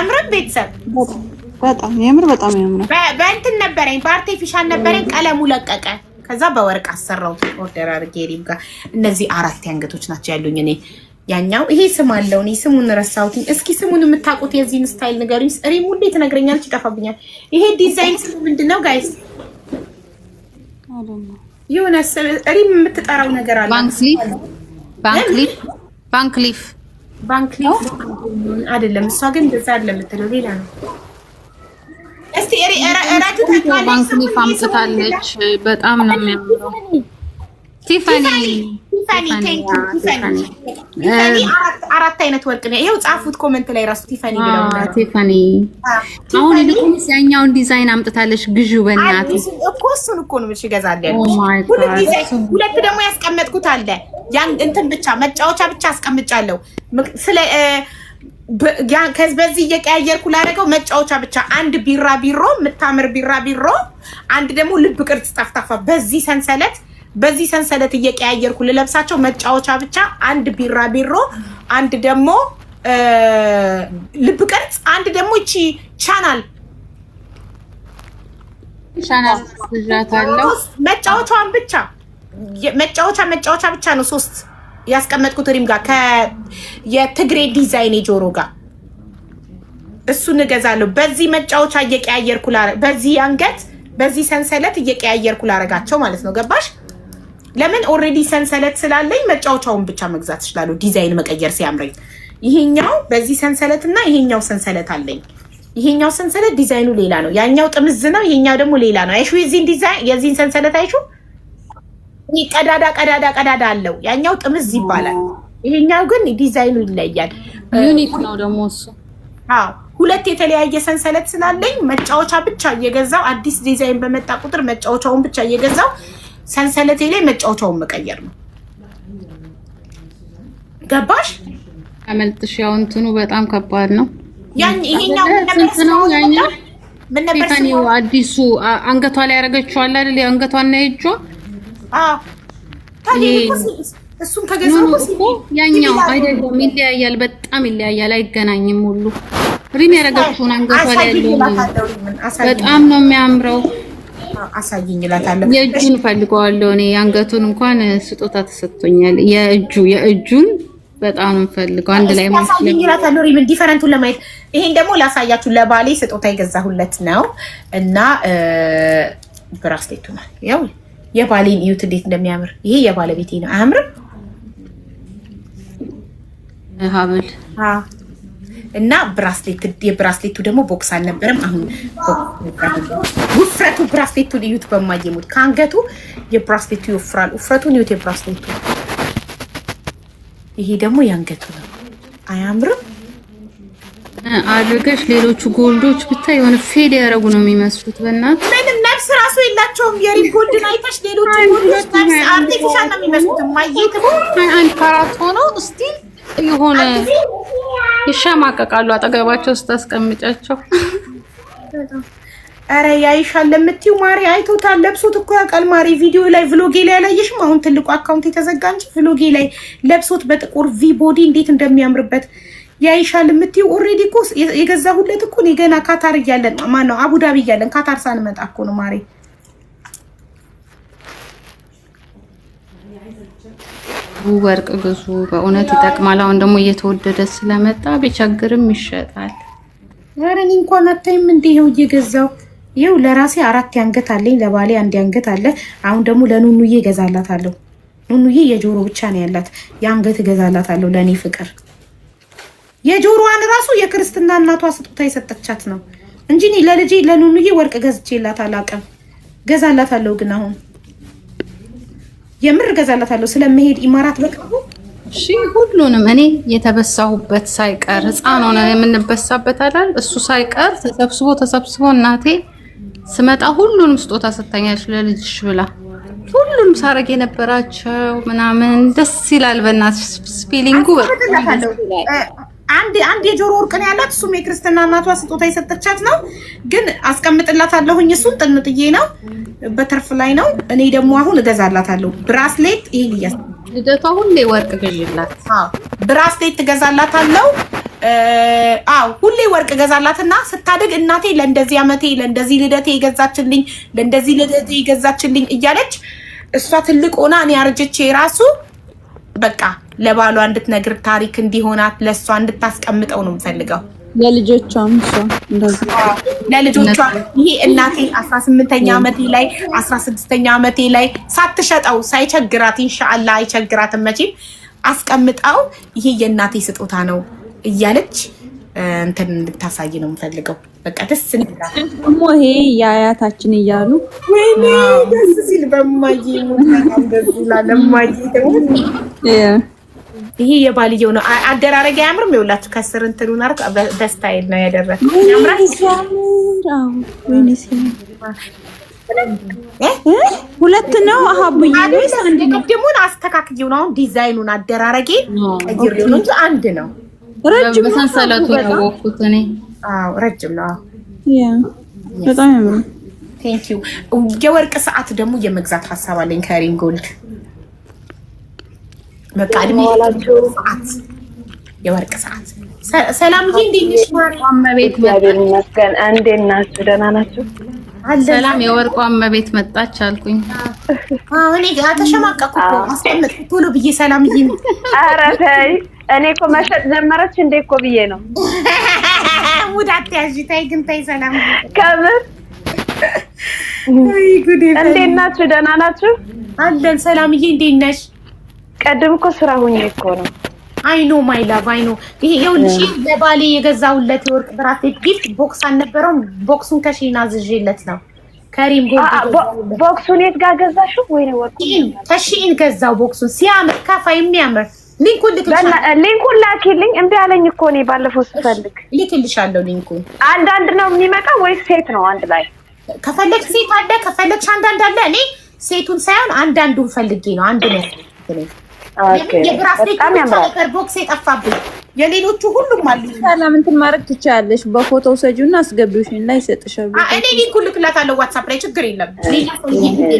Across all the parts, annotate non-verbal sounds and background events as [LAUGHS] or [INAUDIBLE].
አያምርም? ቤተሰብ በጣም ያምር፣ በጣም ያምር። በእንትን ነበረኝ፣ በአርቴፊሻል ነበረኝ፣ ቀለሙ ለቀቀ። ከዛ በወርቅ አሰራው ኦርደር አድርጌ ሪም ጋር። እነዚህ አራት ያንገቶች ናቸው ያሉኝ እኔ ያኛው ይሄ ስም አለው። እኔ ስሙን ረሳሁትኝ። እስኪ ስሙን የምታውቁት የዚህን ስታይል ንገሩኝ። ሪም ሁሌ ትነግረኛለች፣ ይጠፋብኛል። ይሄ ዲዛይን ስሙ ምንድን ነው ጋይስ? የሆነ ሪም የምትጠራው ነገር አለ። ባንክሊፍ ባንክሊፍ ባንክሊፍ ባንክ ነው አይደለም። እሷ ግን እንደዛ አይደለም ሌላ ነው። እስቲ ባንክ ሊፍ አምጥታለች። በጣም ነው የሚያምረው። ቲፋኒ አራት አይነት ወርቅ ነው። ጻፉት ኮመንት ላይ ራሱ ቲፋኒ ብለው ቲፋኒ። አሁን ያኛውን ዲዛይን አምጥታለች። ግዢ በእናትህ እኮ እሱን እኮ ነው እሺ፣ እገዛለሁ። ሁለት ደግሞ ያስቀመጥኩት አለ ያን እንትን ብቻ መጫወቻ ብቻ አስቀምጫለሁ። ስለ በዚህ እየቀያየርኩ ላደረገው መጫወቻ ብቻ አንድ ቢራ ቢሮ የምታምር ቢራ ቢሮ፣ አንድ ደግሞ ልብ ቅርጽ ጠፍጣፋ። በዚህ ሰንሰለት በዚህ ሰንሰለት እየቀያየርኩ ልለብሳቸው መጫወቻ ብቻ አንድ ቢራ ቢሮ፣ አንድ ደግሞ ልብ ቅርጽ፣ አንድ ደግሞ ይቺ ቻናል ቻናል መጫወቻዋን ብቻ መጫወቻ መጫወቻ ብቻ ነው ሶስት ያስቀመጥኩት ሪም ጋር የትግሬ ዲዛይን የጆሮ ጋር እሱን እገዛለሁ። በዚህ መጫወቻ እየቀያየርኩ በዚህ አንገት በዚህ ሰንሰለት እየቀያየርኩ ላረጋቸው ማለት ነው። ገባሽ? ለምን ኦልሬዲ ሰንሰለት ስላለኝ መጫወቻውን ብቻ መግዛት እችላለሁ። ዲዛይን መቀየር ሲያምረኝ ይሄኛው በዚህ ሰንሰለት እና ይሄኛው ሰንሰለት አለኝ። ይሄኛው ሰንሰለት ዲዛይኑ ሌላ ነው። ያኛው ጥምዝ ነው። ይሄኛው ደግሞ ሌላ ነው። አይሹ የዚህን ዲዛይን የዚህን ሰንሰለት አይሹ ይህ ቀዳዳ ቀዳዳ ቀዳዳ አለው። ያኛው ጥምዝ ይባላል። ይሄኛው ግን ዲዛይኑ ይለያል። ዩኒክ ነው ደግሞ እሱ። ሁለት የተለያየ ሰንሰለት ስላለኝ መጫወቻ ብቻ እየገዛው አዲስ ዲዛይን በመጣ ቁጥር መጫወቻውን ብቻ እየገዛው ሰንሰለቴ ላይ መጫወቻውን መቀየር ነው። ገባሽ? አመልጥሽ። ያው እንትኑ በጣም ከባድ ነው። ይሄኛው ምን ነበር አዲሱ አንገቷ ላይ ያደረገችዋል አለ አይደል? አንገቷና የእጇ እሱም ከገዛው እኮ ያኛው አይደለም፣ ይለያያል፣ በጣም ይለያያል፣ አይገናኝም። ሁሉ ሪም ያደረገችውን አንገቷ ላይ ያለው በጣም ነው የሚያምረው። አሳይኝ እላታለሁ። የእጁን ፈልገዋለሁ እኔ የአንገቱን እንኳን ስጦታ ተሰጥቶኛል። የእጁ የእጁን በጣም አንድ ላይ ዲፈረንቱን ለማየት ይሄን ደግሞ ላሳያችሁ። ለባሌ ስጦታ የገዛሁለት ነው እና ብራስሌቱ ነው ያው የባሌን እዩት እንዴት እንደሚያምር ይሄ የባለቤቴ ነው። አያምርም? ሀብል እና ብራስሌት የብራስሌቱ ደግሞ ቦክስ አልነበረም። አሁን ውፍረቱ ብራስሌቱን እዩት በማየሙት ከአንገቱ የብራስሌቱ ይወፍራል። ውፍረቱን እዩት የብራስሌቱ። ይሄ ደግሞ የአንገቱ ነው። አያምርም? አድርገሽ ሌሎቹ ጎልዶች ብታይ የሆነ ፌድ ያደረጉ ነው የሚመስሉት በእናትህ ጥርስ ራሱ የላቸውም። የሪጎድን አይተሽ ሌሎች ጥርስ አርቲፊሻል ነው የሚመስሉት። የሆነ ይሸማቀቃሉ። አጠገባቸው ስታስቀምጫቸው ኧረ ያይሻል ማሪ አይቶታል። ለብሶት እኮ ያውቃል ማሪ። ቪዲዮ ላይ ቭሎጌ ላይ አላየሽም? አሁን ትልቁ አካውንት የተዘጋ እንጂ ቭሎጌ ላይ ለብሶት በጥቁር ቪ ቦዲ እንዴት እንደሚያምርበት ያይሻል የምትይው ኦልሬዲ እኮ የገዛሁለት እኮ እኔ ገና ካታር እያለን ነው አቡዳቢ እያለን ካታር ሳንመጣ እኮ ነው ማሬ። ወርቅ ግዙ፣ በእውነት ይጠቅማል። አሁን ደግሞ እየተወደደ ስለመጣ ቢቸግርም ይሸጣል። ኧረ እኔ እንኳን አታይም እንዴ? ይኸው እየገዛው ይኸው ለራሴ አራት ያንገት አለኝ፣ ለባሌ አንድ ያንገት አለ። አሁን ደግሞ ለኑኑዬ እገዛላታለሁ። ኑኑዬ የጆሮ ብቻ ነው ያላት፣ የአንገት እገዛላታለሁ ለእኔ ፍቅር የጆሮዋን ራሱ የክርስትና እናቷ ስጦታ የሰጠቻት ነው እንጂ ለልጄ ለኑኑዬ ወርቅ ገዝቼላት አላውቅም። ገዛላታለሁ ግን አሁን የምር ገዛላታለሁ ስለመሄድ ኢማራት በቅርቡ እሺ ሁሉንም እኔ የተበሳሁበት ሳይቀር ህፃን ሆነ የምንበሳበት አላል እሱ ሳይቀር ተሰብስቦ ተሰብስቦ እናቴ ስመጣ ሁሉንም ስጦታ ሰጥታኛለች ለልጅሽ ብላ ሁሉንም ሳረግ የነበራቸው ምናምን ደስ ይላል። በእናትሽ ፊሊንጉ አንድ አንድ የጆሮ ወርቅ ነው ያላት። እሱም የክርስትና እናቷ ስጦታ የሰጠቻት ነው። ግን አስቀምጥላታለሁኝ። እሱን ጥንጥዬ ነው በተርፍ ላይ ነው። እኔ ደግሞ አሁን እገዛላታለሁ ብራስሌት። ይሄን እያስ ልደቷ ሁሌ ወርቅ ገዥላት። አዎ ብራስሌት ትገዛላታለሁ። አዎ ሁሌ ወርቅ ገዛላትና ስታድግ እናቴ ለእንደዚህ ዓመቴ ለእንደዚህ ልደቴ የገዛችልኝ ለእንደዚህ ልደቴ የገዛችልኝ እያለች እሷ ትልቅ ሆና እኔ አርጅቼ ራሱ በቃ ለባሏ እንድትነግር ታሪክ እንዲሆናት ለእሷ እንድታስቀምጠው ነው የምፈልገው። ለልጆቿም ለልጆቿ ይሄ እናቴ አስራ ስምንተኛ ዓመቴ ላይ አስራ ስድስተኛ ዓመቴ ላይ ሳትሸጠው ሳይቸግራት ኢንሻአላ አይቸግራትም መቼም አስቀምጠው ይሄ የእናቴ ስጦታ ነው እያለች እንትን እንድታሳይ ነው የምፈልገው። በቃ ደስ ደግሞ ይሄ የአያታችን እያሉ ወይኔ ደስ ሲል በማየ ለማየ ይሄ የባልየው ነው አደራረግ አያምርም። ይኸውላችሁ ከስር እንትኑን አርግ በስታይል ነው ያደረግኩት። ሁለት ነው ቅድሙን አስተካክዬው ነው አሁን ዲዛይኑን አደራረጌ ቀይሬው እንጂ አንድ ነው። ረጅም በሰንሰለቱ ያወቅኩት እኔ። አዎ ረጅም ነው። ያ በጣም ያምራል። ቴንኪው። የወርቅ ሰዓት ደግሞ የመግዛት ሀሳብ አለኝ ከሪም ጎልድ በቃ እድሜ የወርቅ ሰዓት። ሰላምዬ እንዴት ነሽ? እንዴት ናችሁ? ደህና ናችሁ? ሰላም የወርቋ መጣች አልኩኝ። እኔ አስቀምጥ ቶሎ ብዬ ሰላምዬ። ኧረ ተይ እኔ እኮ መሸጥ ጀመረች እንዴ እኮ ብዬ ነው። [LAUGHS] ተይ፣ ግን ተይ ከምር እንዴት ናችሁ? ደህና ናችሁ? አለን። ሰላምዬ እንዴት ነሽ? ቀደም እኮ ስራ ሁኜ እኮ ነው። አይ ኖ ማይ ላቭ አይ ኖ። ይሄ ይኸውልሽ ለባሌ የገዛሁለት የወርቅ ብራሴት ጊፍት ቦክስ አልነበረውም። ቦክሱን ከሺና ዝዤለት ነው። ከሪም ጎልድ ቦክሱን የት ጋር ገዛሽው? ወይ ነው ወርቁ ከሺን ገዛው። ቦክሱን ሲያምር ካፋ የሚያምር ሊንኩን ሊንኩን ላኪልኝ። እምቢ አለኝ እኮ እኔ ባለፈው ስፈልግ ልክልሻለሁ። ሊንኩን አንዳንድ ነው የሚመጣ ወይስ ሴት ነው? አንድ ላይ ከፈለግሽ ሴት አለ፣ ከፈለግሽ አንዳንድ አለ። እኔ ሴቱን ሳይሆን አንዳንዱን ፈልጌ ነው አንድ ነው በጣም ያምራል። ቦክስ የጠፋብኝ የሌሎቹ ሁሉም አሉ። ሰላም እንትን ማድረግ ትችያለሽ። በፎቶ ሰጂው እና ላይ ይሰጥሻል። እኔ ሊንክ እልክላታለሁ ዋትሳፕ ላይ ችግር የለም። ሌላ ሰው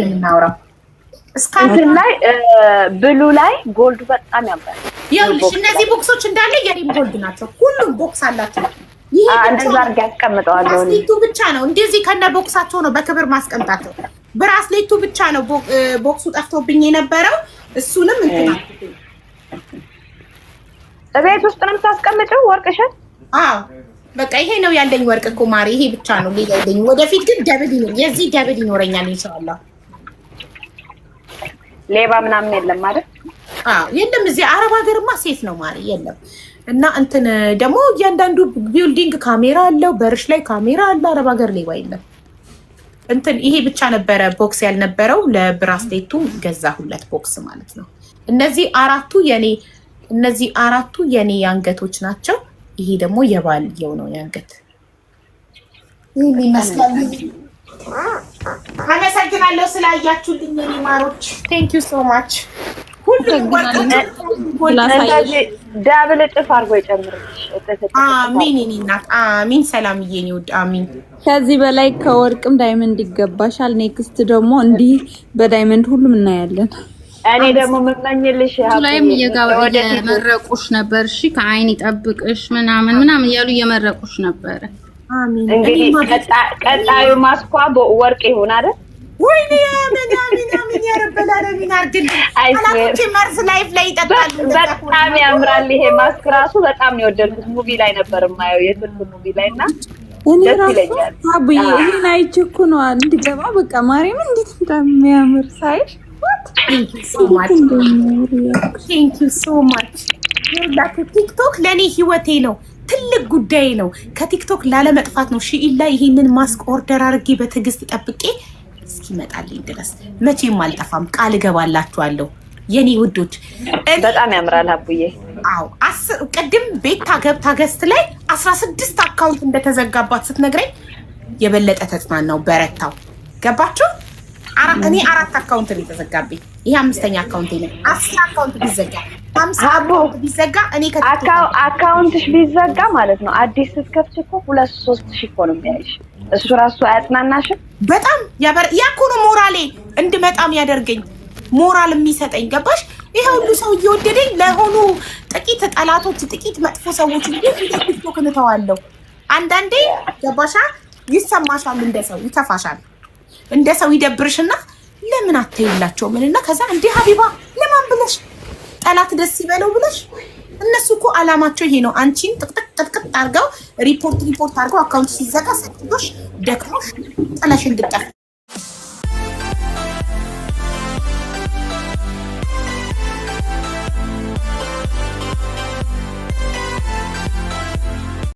የምናወራው እስካሁን ላይ ብሉ ላይ ጎልዱ በጣም ያምራል። ይኸውልሽ እነዚህ ቦክሶች እንዳለ የኔም ጎልድ ናቸው። ሁሉም ቦክስ አላቸው። ብራስሌቱ ብቻ ነው እንደዚህ ከነ ቦክሳቸው ነው በክብር ማስቀምጣቸው። ብራስሌቱ ብቻ ነው ቦክሱ ጠፍቶብኝ የነበረው እሱንም እንትን አትይም። ውስጥ ነው የምታስቀምጪው ወርቅሽን? አዎ በቃ ይሄ ነው ያለኝ ወርቅ እኮ ማሪ፣ ይሄ ብቻ ነው ሌላ የለኝም። ወደፊት ግን ደብል የዚህ ደብል ይኖረኛል ኢንሻአላህ። ሌባ ምናምን የለም አይደል? አዎ የለም። እዚህ አረብ ሀገርማ ሴፍ ነው ማሪ፣ የለም እና እንትን ደግሞ እያንዳንዱ ቢልዲንግ ካሜራ አለው፣ በርሽ ላይ ካሜራ አለ። አረብ ሀገር ሌባ የለም። እንትን ይሄ ብቻ ነበረ ቦክስ ያልነበረው። ለብራስሌቱ ገዛሁለት ቦክስ ማለት ነው። እነዚህ አራቱ የኔ እነዚህ አራቱ የኔ የአንገቶች ናቸው። ይሄ ደግሞ የባልየው ነው የአንገት ይመስላል። አመሰግናለሁ ስላያችሁልኝ የኔ ማሮች፣ ቴንክ ዩ ሶ ማች። ሁሉም ዳብል እጥፍ አድርጎ ይጨምርልኝ። አሚን እኔ አሚን። ሰላምዬ እኔ ውድ አሚን። ከዚህ በላይ ከወርቅም ዳይመንድ ይገባሻል። ኔክስት ደግሞ እንዲህ በዳይመንድ ሁሉም እናያለን። እኔ ደግሞ የምመኝልሽ ላይም እየመረቁሽ ነበር። እሺ ከአይን ይጠብቅሽ ምናምን ምናምን እያሉ እየመረቁሽ ነበረ። እንግዲህ ቀጣዩ ማስኳ ወርቅ ይሁን አይደል? ወይኔ አሜን አሜን በጣም ያምራል። ይሄ ማስክ ራሱ በጣም ነው የወደድኩት። ሙቪ ላይ ነበር የማየው የቱርክ ሙቪ ላይ እና እኔ ራሱ ይህን አይቼ እኮ ነው እንድገባ በቃ ማርያም እንዴት እንደሚያምር ሳይሽ ቲክቶክ ለእኔ ህይወቴ ነው። ትልቅ ጉዳይ ነው። ከቲክቶክ ላለመጥፋት ነው ሺኢላ ይህንን ማስክ ኦርደር አድርጌ በትዕግስት ጠብቄ እስኪመጣልኝ ድረስ መቼም አልጠፋም። ቃል እገባላችኋለሁ የኔ ውዶች። በጣም ያምራል አቡዬ። አዎ ቅድም ቤት ታገብታ ገስት ላይ አስራ ስድስት አካውንት እንደተዘጋባት ስትነግረኝ የበለጠ ተጽናናው በረታው። ገባችሁ? እኔ አራት አካውንት ነው የተዘጋብኝ። ይሄ አምስተኛ አካውንት ነው። አስር አካውንት ቢዘጋ ቢዘጋ አካውንትሽ ቢዘጋ ማለት ነው አዲስ ስትከፍች እኮ ሁለት ሶስት ሺ እኮ ነው የሚያይሽ። እሱ ራሱ አያጽናናሽም? በጣም ያኮኑ ሞራሌ እንድመጣም ያደርገኝ ሞራል የሚሰጠኝ ገባሽ? ይሄ ሁሉ ሰው እየወደደኝ ለሆኑ ጥቂት ጠላቶች፣ ጥቂት መጥፎ ሰዎች ቲክቶክ እንተዋለሁ። አንዳንዴ ገባሻ? ይሰማሻል፣ እንደ ሰው ይከፋሻል፣ እንደ ሰው ይደብርሽና ለምን አትይላቸው ምንና ከዛ እንደ ሀቢባ ለማን ብለሽ ጠላት ደስ ይበለው ብለሽ እነሱ እኮ አላማቸው ይሄ ነው። አንቺን ቅጥቅጥ አርገው ሪፖርት ሪፖርት አርገው አካውንት ሲዘጋ ሰጥቶሽ ደክሞሽ ጥለሽ እንድጠፍ